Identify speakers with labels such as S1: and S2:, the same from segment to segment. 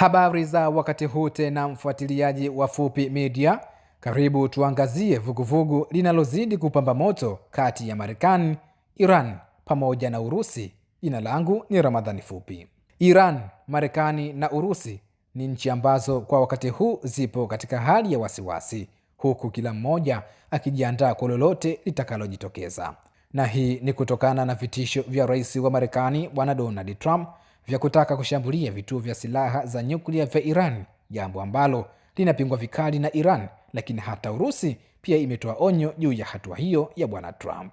S1: Habari za wakati huu tena, mfuatiliaji wa Fupi Media, karibu tuangazie vuguvugu linalozidi kupamba moto kati ya Marekani, Iran pamoja na Urusi. Jina langu ni Ramadhani Fupi. Iran, Marekani na Urusi ni nchi ambazo kwa wakati huu zipo katika hali ya wasiwasi, huku kila mmoja akijiandaa kwa lolote litakalojitokeza, na hii ni kutokana na vitisho vya rais wa Marekani Bwana Donald Trump vya kutaka kushambulia vituo vya silaha za nyuklia vya Iran, jambo ambalo linapingwa vikali na Iran, lakini hata Urusi pia imetoa onyo juu ya hatua hiyo ya bwana Trump.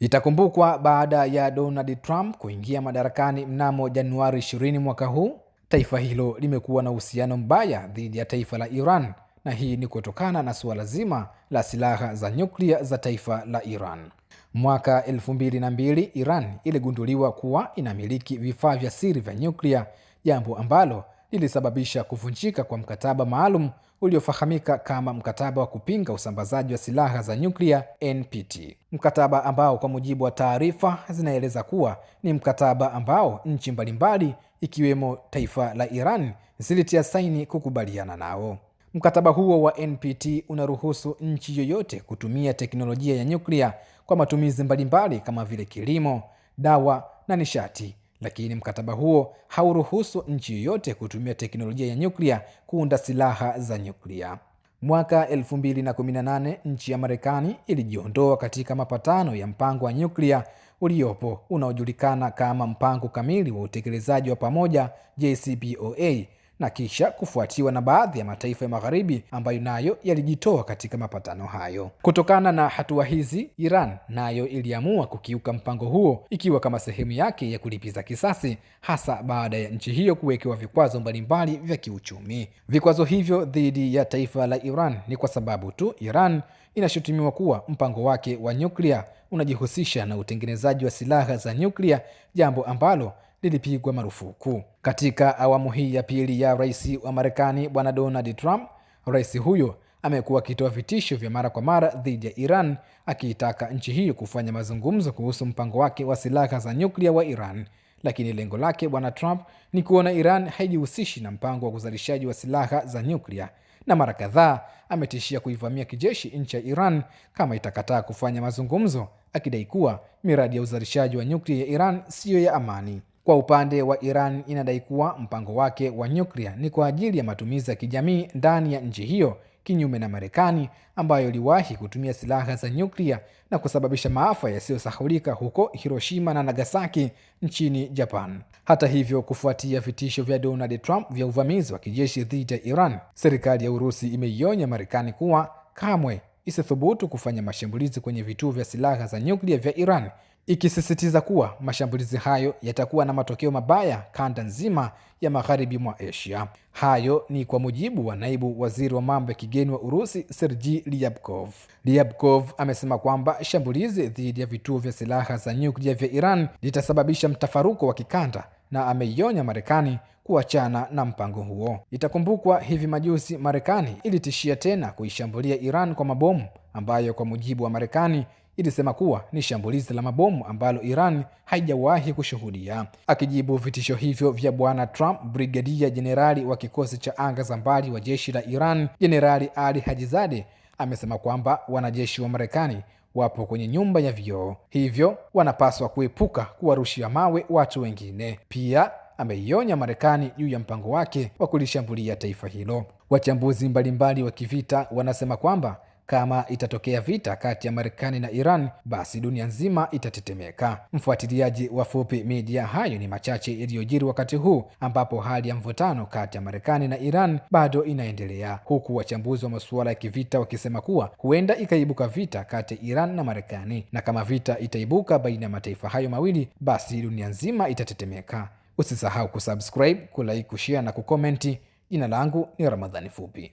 S1: Itakumbukwa baada ya Donald Trump kuingia madarakani mnamo Januari 20 mwaka huu, taifa hilo limekuwa na uhusiano mbaya dhidi ya taifa la Iran, na hii ni kutokana na suala zima la silaha za nyuklia za taifa la Iran. Mwaka elfu mbili na mbili Iran iligunduliwa kuwa inamiliki vifaa vya siri vya nyuklia, jambo ambalo lilisababisha kuvunjika kwa mkataba maalum uliofahamika kama mkataba wa kupinga usambazaji wa silaha za nyuklia NPT, mkataba ambao kwa mujibu wa taarifa zinaeleza kuwa ni mkataba ambao nchi mbalimbali ikiwemo taifa la Iran zilitia saini kukubaliana nao. Mkataba huo wa NPT unaruhusu nchi yoyote kutumia teknolojia ya nyuklia kwa matumizi mbalimbali kama vile kilimo, dawa na nishati. Lakini mkataba huo hauruhusu nchi yoyote kutumia teknolojia ya nyuklia kuunda silaha za nyuklia. Mwaka 2018 nchi ya Marekani ilijiondoa katika mapatano ya mpango wa nyuklia uliopo unaojulikana kama mpango kamili wa utekelezaji wa pamoja JCPOA na kisha kufuatiwa na baadhi ya mataifa ya magharibi ambayo nayo yalijitoa katika mapatano hayo. Kutokana na hatua hizi, Iran nayo iliamua kukiuka mpango huo ikiwa kama sehemu yake ya kulipiza kisasi, hasa baada ya nchi hiyo kuwekewa vikwazo mbalimbali vya kiuchumi. Vikwazo hivyo dhidi ya taifa la Iran ni kwa sababu tu Iran inashutumiwa kuwa mpango wake wa nyuklia unajihusisha na utengenezaji wa silaha za nyuklia, jambo ambalo lilipigwa marufuku. Katika awamu hii ya pili ya rais wa Marekani bwana Donald Trump, rais huyo amekuwa akitoa vitisho vya mara kwa mara dhidi ya Iran akiitaka nchi hiyo kufanya mazungumzo kuhusu mpango wake wa silaha za nyuklia wa Iran. Lakini lengo lake bwana Trump ni kuona Iran haijihusishi na mpango wa uzalishaji wa silaha za nyuklia, na mara kadhaa ametishia kuivamia kijeshi nchi ya Iran kama itakataa kufanya mazungumzo, akidai kuwa miradi ya uzalishaji wa nyuklia ya Iran siyo ya amani. Kwa upande wa Iran, inadai kuwa mpango wake wa nyuklia ni kwa ajili ya matumizi ya kijamii ndani ya nchi hiyo, kinyume na Marekani ambayo iliwahi kutumia silaha za nyuklia na kusababisha maafa yasiyosahulika huko Hiroshima na Nagasaki nchini Japan. Hata hivyo, kufuatia vitisho vya Donald Trump vya uvamizi wa kijeshi dhidi ya Iran, serikali ya Urusi imeionya Marekani kuwa kamwe isithubutu kufanya mashambulizi kwenye vituo vya silaha za nyuklia vya Iran ikisisitiza kuwa mashambulizi hayo yatakuwa na matokeo mabaya kanda nzima ya magharibi mwa Asia. Hayo ni kwa mujibu wa naibu waziri wa mambo ya kigeni wa Urusi, Sergi Liabkov. Liabkov amesema kwamba shambulizi dhidi ya vituo vya silaha za nyuklia vya Iran litasababisha mtafaruko wa kikanda na ameionya Marekani kuachana na mpango huo. Itakumbukwa hivi majuzi Marekani ilitishia tena kuishambulia Iran kwa mabomu ambayo kwa mujibu wa Marekani ilisema kuwa ni shambulizi la mabomu ambalo Iran haijawahi kushuhudia. Akijibu vitisho hivyo vya bwana Trump, brigadia jenerali wa kikosi cha anga za mbali wa jeshi la Iran Jenerali Ali Hajizade amesema kwamba wanajeshi wa Marekani wapo kwenye nyumba ya vioo, hivyo wanapaswa kuepuka kuwarushia mawe watu wengine. Pia ameionya Marekani juu ya mpango wake wa kulishambulia taifa hilo. Wachambuzi mbalimbali wa kivita wanasema kwamba kama itatokea vita kati ya Marekani na Iran, basi dunia nzima itatetemeka. Mfuatiliaji wa Fupi Media, hayo ni machache yaliyojiri wakati huu ambapo hali ya mvutano kati ya Marekani na Iran bado inaendelea, huku wachambuzi wa masuala ya kivita wakisema kuwa huenda ikaibuka vita kati ya Iran na Marekani, na kama vita itaibuka baina ya mataifa hayo mawili, basi dunia nzima itatetemeka. Usisahau kusubscribe, kulike, kushare na kukomenti. Jina langu ni Ramadhani Fupi.